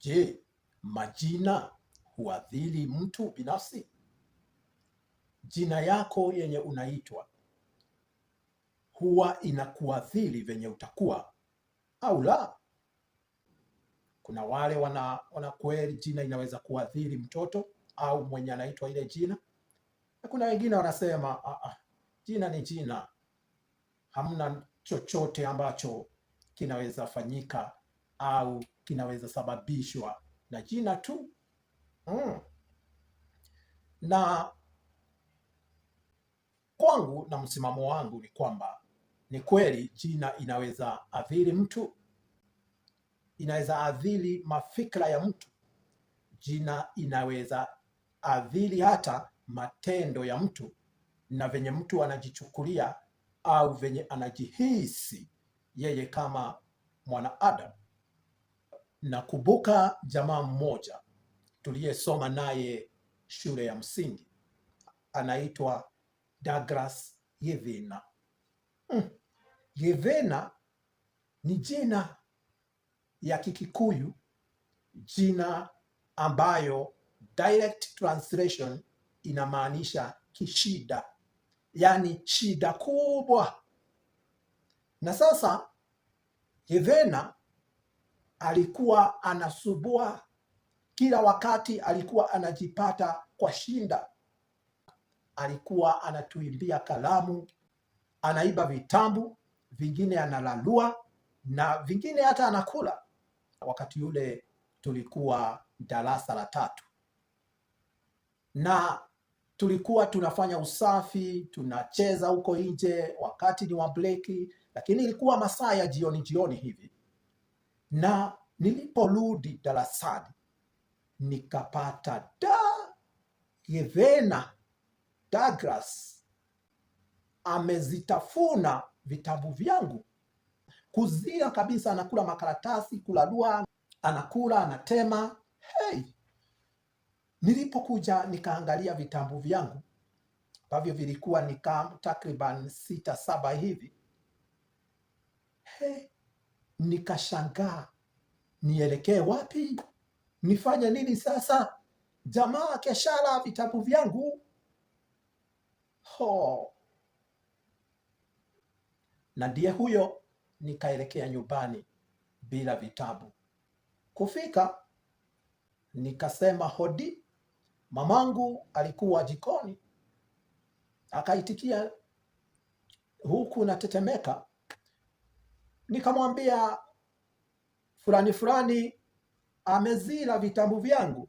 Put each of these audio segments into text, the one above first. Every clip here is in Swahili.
Je, majina huathiri mtu binafsi? Jina yako yenye unaitwa huwa inakuathiri venye utakuwa au la? Kuna wale wana, wana kweli jina inaweza kuathiri mtoto au mwenye anaitwa ile jina, na kuna wengine wanasema ah, ah, jina ni jina, hamna chochote ambacho kinaweza fanyika au kinaweza sababishwa na jina tu mm. Na kwangu na msimamo wangu ni kwamba ni kweli jina inaweza adhiri mtu, inaweza adhiri mafikra ya mtu, jina inaweza adhiri hata matendo ya mtu na venye mtu anajichukulia au venye anajihisi yeye kama mwanaadamu. Nakumbuka jamaa mmoja tuliyesoma naye shule ya msingi anaitwa Douglas Yevena. Hmm. Yevena ni jina ya Kikikuyu, jina ambayo direct translation inamaanisha kishida, yaani shida kubwa. Na sasa Yevena alikuwa anasubua kila wakati, alikuwa anajipata kwa shinda, alikuwa anatuimbia kalamu, anaiba vitambu vingine, analalua na vingine hata anakula. Wakati yule tulikuwa darasa la tatu na tulikuwa tunafanya usafi, tunacheza huko nje, wakati ni wa breki, lakini ilikuwa masaa ya jioni jioni hivi na niliporudi darasani nikapata da Yevena Douglas amezitafuna vitabu vyangu kuzia kabisa, anakula makaratasi, kulalua, anakula anatema. Hey, nilipokuja nikaangalia vitabu vyangu ambavyo vilikuwa ni takriban sita saba hivi. Hey, nikashangaa, nielekee wapi? Nifanye nini sasa? Jamaa keshala vitabu vyangu Oh. Na ndiye huyo, nikaelekea nyumbani bila vitabu. Kufika nikasema hodi. Mamangu alikuwa jikoni, akaitikia huku natetemeka, nikamwambia fulani fulani amezila vitabu vyangu.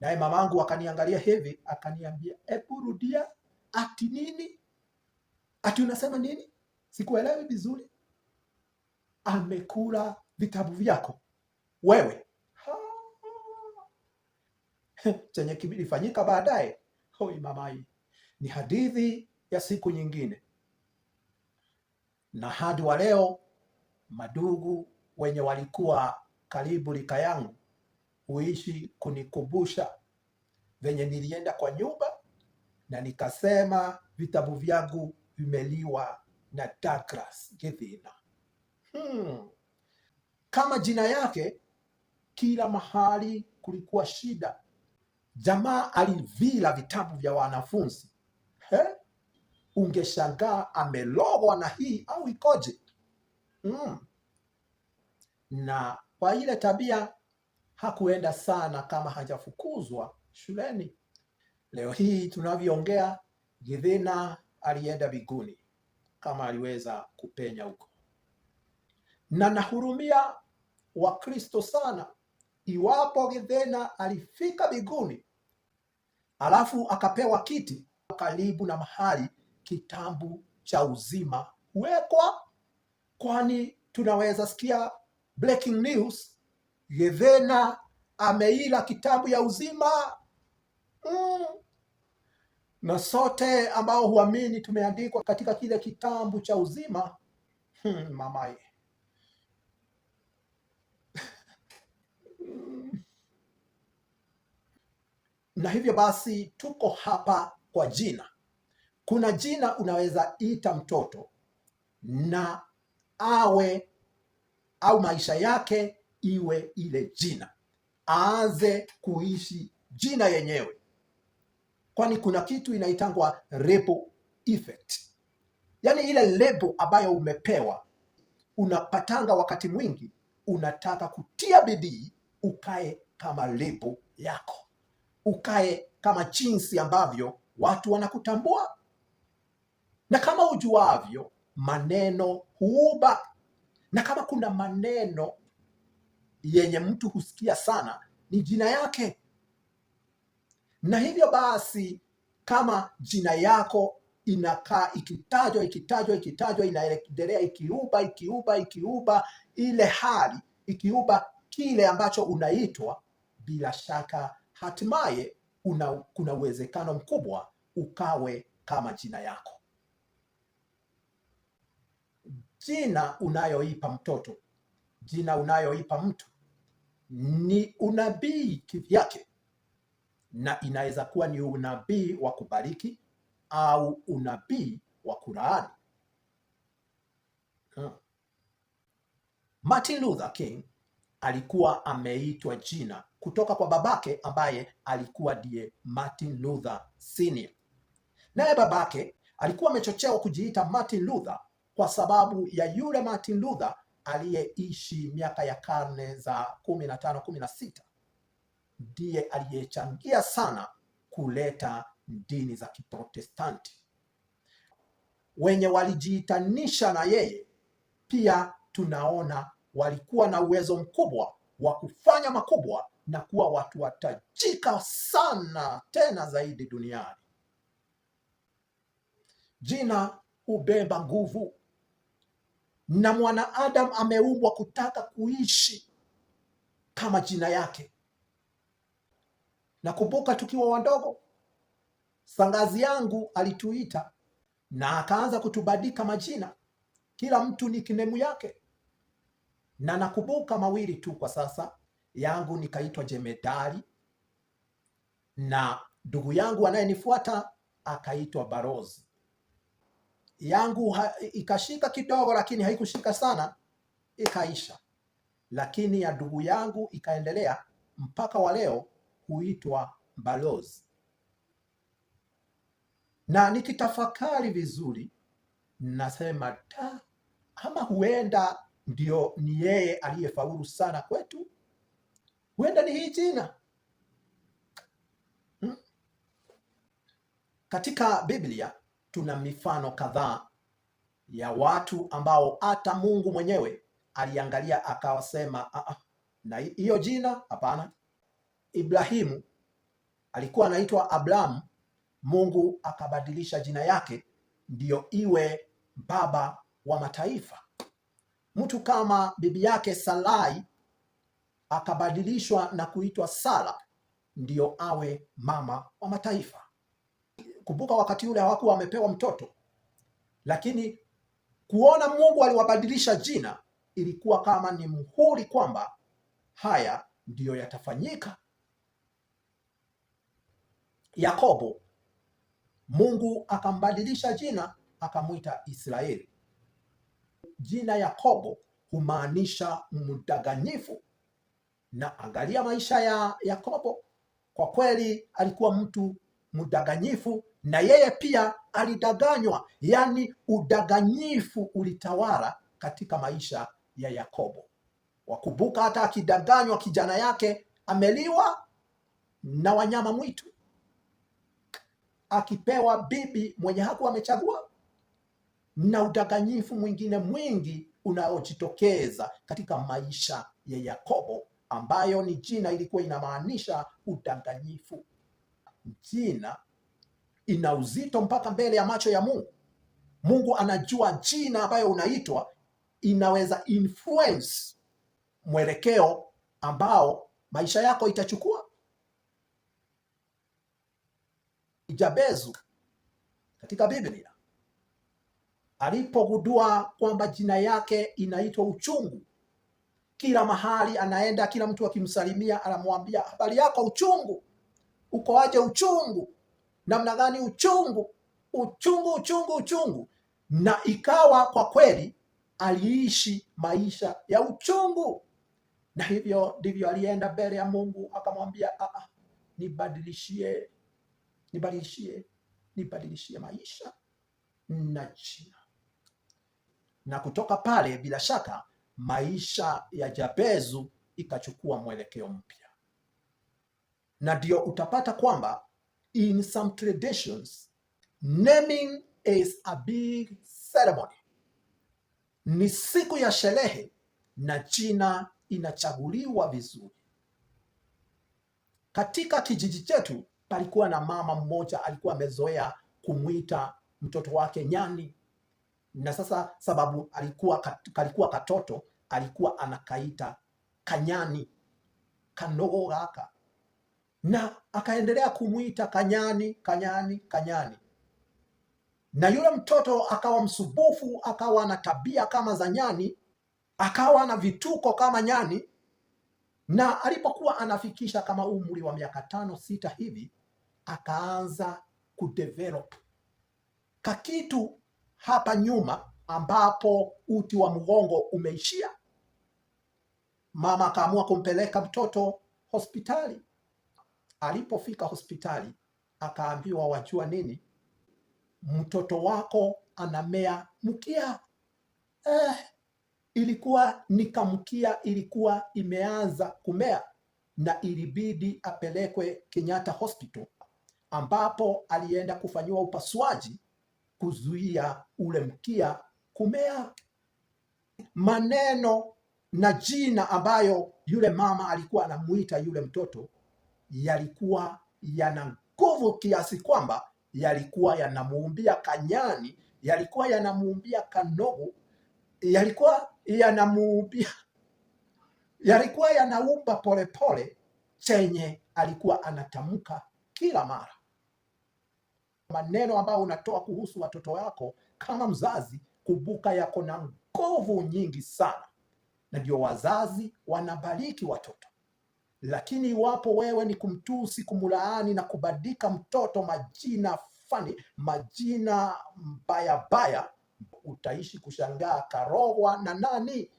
Naye mamangu akaniangalia hivi akaniambia, ebu rudia. Ati nini? Ati unasema nini? Sikuelewi vizuri. Amekula vitabu vyako wewe. Chenye kilifanyika baadaye, hoi mamai, ni hadithi ya siku nyingine na hadi wa leo madugu wenye walikuwa karibu lika yangu huishi kunikumbusha venye nilienda kwa nyumba na nikasema vitabu vyangu vimeliwa na Douglas Githina. Hmm. Kama jina yake, kila mahali kulikuwa shida. Jamaa alivila vitabu vya wanafunzi ungeshangaa amelogwa na hii au ikoje? Mm. Na kwa ile tabia hakuenda sana kama hajafukuzwa shuleni. Leo hii tunavyoongea, Githina alienda biguni kama aliweza kupenya huko, na nahurumia Wakristo sana. Iwapo Githina alifika biguni alafu akapewa kiti karibu na mahali kitabu cha uzima huwekwa, kwani tunaweza sikia breaking news, Yevena ameila kitabu ya uzima mm. Na sote ambao huamini tumeandikwa katika kile kitabu cha uzima hmm, mamaye na hivyo basi tuko hapa kwa jina kuna jina unaweza ita mtoto na awe au maisha yake iwe ile jina, aanze kuishi jina yenyewe, kwani kuna kitu inaitangwa label effect, yaani ile lebo ambayo umepewa unapatanga wakati mwingi unataka kutia bidii ukae kama lebo yako, ukae kama jinsi ambavyo watu wanakutambua na kama ujuavyo, maneno huuba, na kama kuna maneno yenye mtu husikia sana ni jina yake. Na hivyo basi, kama jina yako inakaa ikitajwa ikitajwa ikitajwa, inaendelea ikiuba ikiuba ikiuba ile hali ikiuba kile ambacho unaitwa, bila shaka hatimaye una, kuna uwezekano mkubwa ukawe kama jina yako. Jina unayoipa mtoto, jina unayoipa mtu ni unabii kivyake, na inaweza kuwa ni unabii wa kubariki au unabii wa kulaani. Hmm. Martin Luther King alikuwa ameitwa jina kutoka kwa babake ambaye alikuwa ndiye Martin Luther Senior. Naye babake alikuwa amechochewa kujiita Martin Luther kwa sababu ya yule Martin Luther aliyeishi miaka ya karne za kumi na tano kumi na sita ndiye aliyechangia sana kuleta dini za Kiprotestanti. Wenye walijiitanisha na yeye pia tunaona walikuwa na uwezo mkubwa wa kufanya makubwa na kuwa watu watajika sana tena zaidi duniani. Jina hubeba nguvu na mwanaadamu ameumbwa kutaka kuishi kama jina yake. Nakumbuka tukiwa wadogo, sangazi yangu alituita na akaanza kutubadika majina, kila mtu ni kinemu yake, na nakumbuka mawili tu kwa sasa. Yangu nikaitwa Jemedari na ndugu yangu anayenifuata akaitwa Barozi yangu ha, ikashika kidogo, lakini haikushika sana, ikaisha. Lakini ya ndugu yangu ikaendelea mpaka wa leo, huitwa balozi. Na nikitafakari vizuri, nasema ta ama huenda ndio ni yeye aliyefaulu sana kwetu, huenda ni hii jina hmm. Katika Biblia tuna mifano kadhaa ya watu ambao hata Mungu mwenyewe aliangalia akawasema, ah, ah na hiyo jina hapana. Ibrahimu alikuwa anaitwa Abraham, Mungu akabadilisha jina yake ndiyo iwe baba wa mataifa. Mtu kama bibi yake Sarai akabadilishwa na kuitwa Sara ndiyo awe mama wa mataifa. Kumbuka wakati ule hawakuwa wamepewa mtoto, lakini kuona Mungu aliwabadilisha jina ilikuwa kama ni muhuri kwamba haya ndiyo yatafanyika. Yakobo, Mungu akambadilisha jina akamwita Israeli. Jina Yakobo humaanisha mdanganyifu, na angalia maisha ya Yakobo. Kwa kweli alikuwa mtu mdanganyifu na yeye pia alidanganywa, yaani udanganyifu ulitawala katika maisha ya Yakobo. Wakumbuka hata akidanganywa kijana yake ameliwa na wanyama mwitu, akipewa bibi mwenye haku amechagua, na udanganyifu mwingine mwingi unaojitokeza katika maisha ya Yakobo, ambayo ni jina ilikuwa inamaanisha udanganyifu. Jina ina uzito mpaka mbele ya macho ya Mungu. Mungu anajua jina ambayo unaitwa inaweza influence mwelekeo ambao maisha yako itachukua. Jabezu katika Biblia alipogundua kwamba jina yake inaitwa uchungu, kila mahali anaenda, kila mtu akimsalimia anamwambia habari yako uchungu, ukoaje? Uchungu namna gani uchungu uchungu uchungu uchungu, na ikawa kwa kweli aliishi maisha ya uchungu, na hivyo ndivyo alienda mbele ya Mungu akamwambia, ah, ah, nibadilishie nibadilishie nibadilishie maisha na jina. Na kutoka pale, bila shaka, maisha ya Jabezu ikachukua mwelekeo mpya, na ndio utapata kwamba in some traditions, naming is a big ceremony, ni siku ya sherehe na jina inachaguliwa vizuri. Katika kijiji chetu palikuwa na mama mmoja alikuwa amezoea kumwita mtoto wake nyani, na sasa sababu alikuwa kalikuwa katoto alikuwa anakaita kanyani kanogogaka na akaendelea kumwita Kanyani, Kanyani, Kanyani, na yule mtoto akawa msubufu, akawa na tabia kama za nyani, akawa na vituko kama nyani. Na alipokuwa anafikisha kama umri wa miaka tano sita hivi, akaanza kudevelop kakitu hapa nyuma ambapo uti wa mgongo umeishia. Mama akaamua kumpeleka mtoto hospitali Alipofika hospitali akaambiwa, wajua nini, mtoto wako anamea mkia. Eh, ilikuwa ni kamkia, ilikuwa imeanza kumea na ilibidi apelekwe Kenyatta Hospital ambapo alienda kufanyiwa upasuaji kuzuia ule mkia kumea. Maneno na jina ambayo yule mama alikuwa anamuita yule mtoto yalikuwa yana nguvu kiasi kwamba yalikuwa yanamuumbia kanyani, yalikuwa yanamuumbia kanogo, yalikuwa yanamuumbia, yalikuwa yanaumba polepole chenye alikuwa anatamka kila mara. Maneno ambayo unatoa kuhusu watoto wako kama mzazi, kumbuka yako na nguvu nyingi sana, na ndio wazazi wanabariki watoto. Lakini iwapo wewe ni kumtusi, kumulaani na kubadika mtoto majina fani, majina baya, utaishi kushangaa karogwa na nani?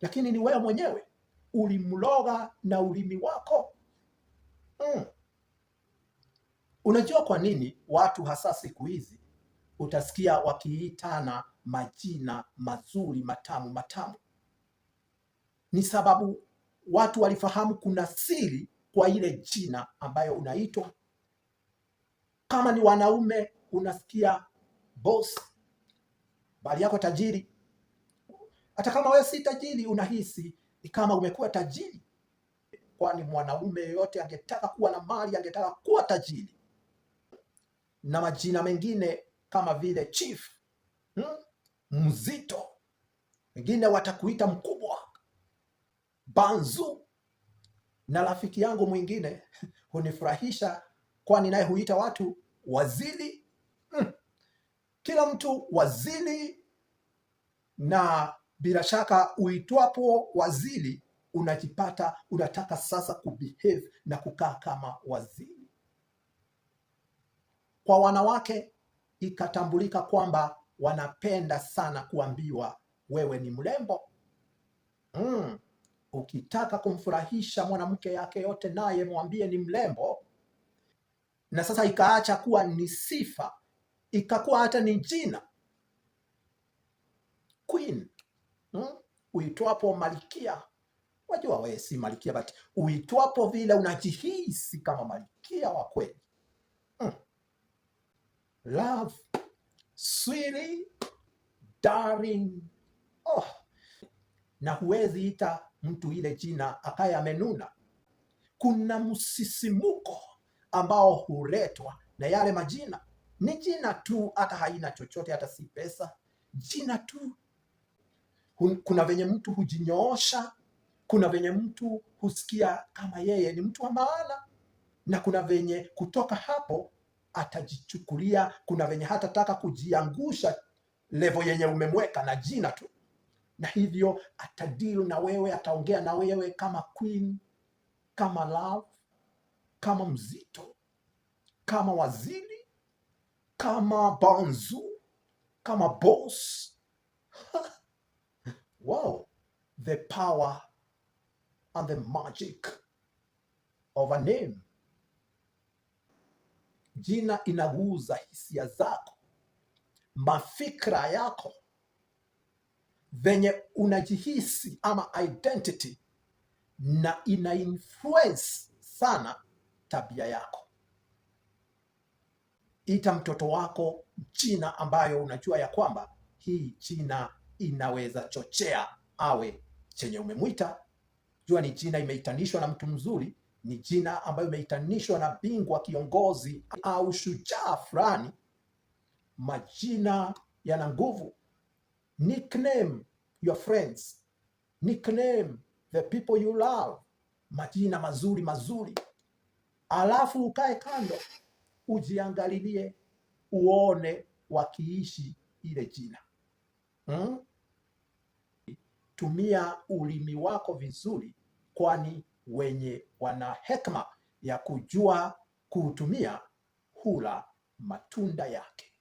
Lakini ni wewe mwenyewe ulimloga na ulimi wako mm. Unajua kwa nini watu hasa siku hizi utasikia wakiitana majina mazuri matamu matamu? Ni sababu watu walifahamu kuna siri kwa ile jina ambayo unaitwa. Kama ni wanaume, unasikia boss, bali yako tajiri. Hata kama wewe si tajiri, unahisi kama umekuwa tajiri, kwani mwanaume yeyote angetaka kuwa na mali, angetaka kuwa tajiri. Na majina mengine kama vile chief, hmm, mzito, wengine watakuita mkubwa Banzu na rafiki yangu mwingine hunifurahisha, kwani naye huita watu wazili. Hmm. Kila mtu wazili, na bila shaka uitwapo wazili unajipata unataka sasa kubehave na kukaa kama wazili. Kwa wanawake ikatambulika kwamba wanapenda sana kuambiwa wewe ni mrembo. Mm. Ukitaka kumfurahisha mwanamke yake yote, naye mwambie ni mrembo. Na sasa ikaacha kuwa ni sifa, ikakuwa hata ni jina queen, hmm? Uitwapo malikia wajua wewe si malikia, but uitwapo vile unajihisi kama malikia wa kweli hmm. Love sweetie darling oh na huwezi ita mtu ile jina akaye amenuna. Kuna msisimuko ambao huletwa na yale majina. Ni jina tu, hata haina chochote, hata si pesa, jina tu. Kuna venye mtu hujinyoosha, kuna venye mtu husikia kama yeye ni mtu wa maana, na kuna venye kutoka hapo atajichukulia, kuna venye hatataka kujiangusha levo yenye umemweka na jina tu na hivyo atadili na wewe, ataongea na wewe kama queen, kama love, kama mzito, kama waziri, kama banzu, kama boss. Wow, the power and the magic of a name. Jina inaguza hisia zako, mafikra yako venye unajihisi ama identity, na ina influence sana tabia yako. Ita mtoto wako jina ambayo unajua ya kwamba hii jina inaweza chochea awe chenye umemwita. Jua ni jina imeitanishwa na mtu mzuri, ni jina ambayo imeitanishwa na bingwa, kiongozi au shujaa fulani. Majina yana nguvu nickname your friends, nickname the people you love, majina mazuri mazuri, alafu ukae kando ujiangalilie, uone wakiishi ile jina hmm? Tumia ulimi wako vizuri, kwani wenye wana hekima ya kujua kuutumia hula matunda yake.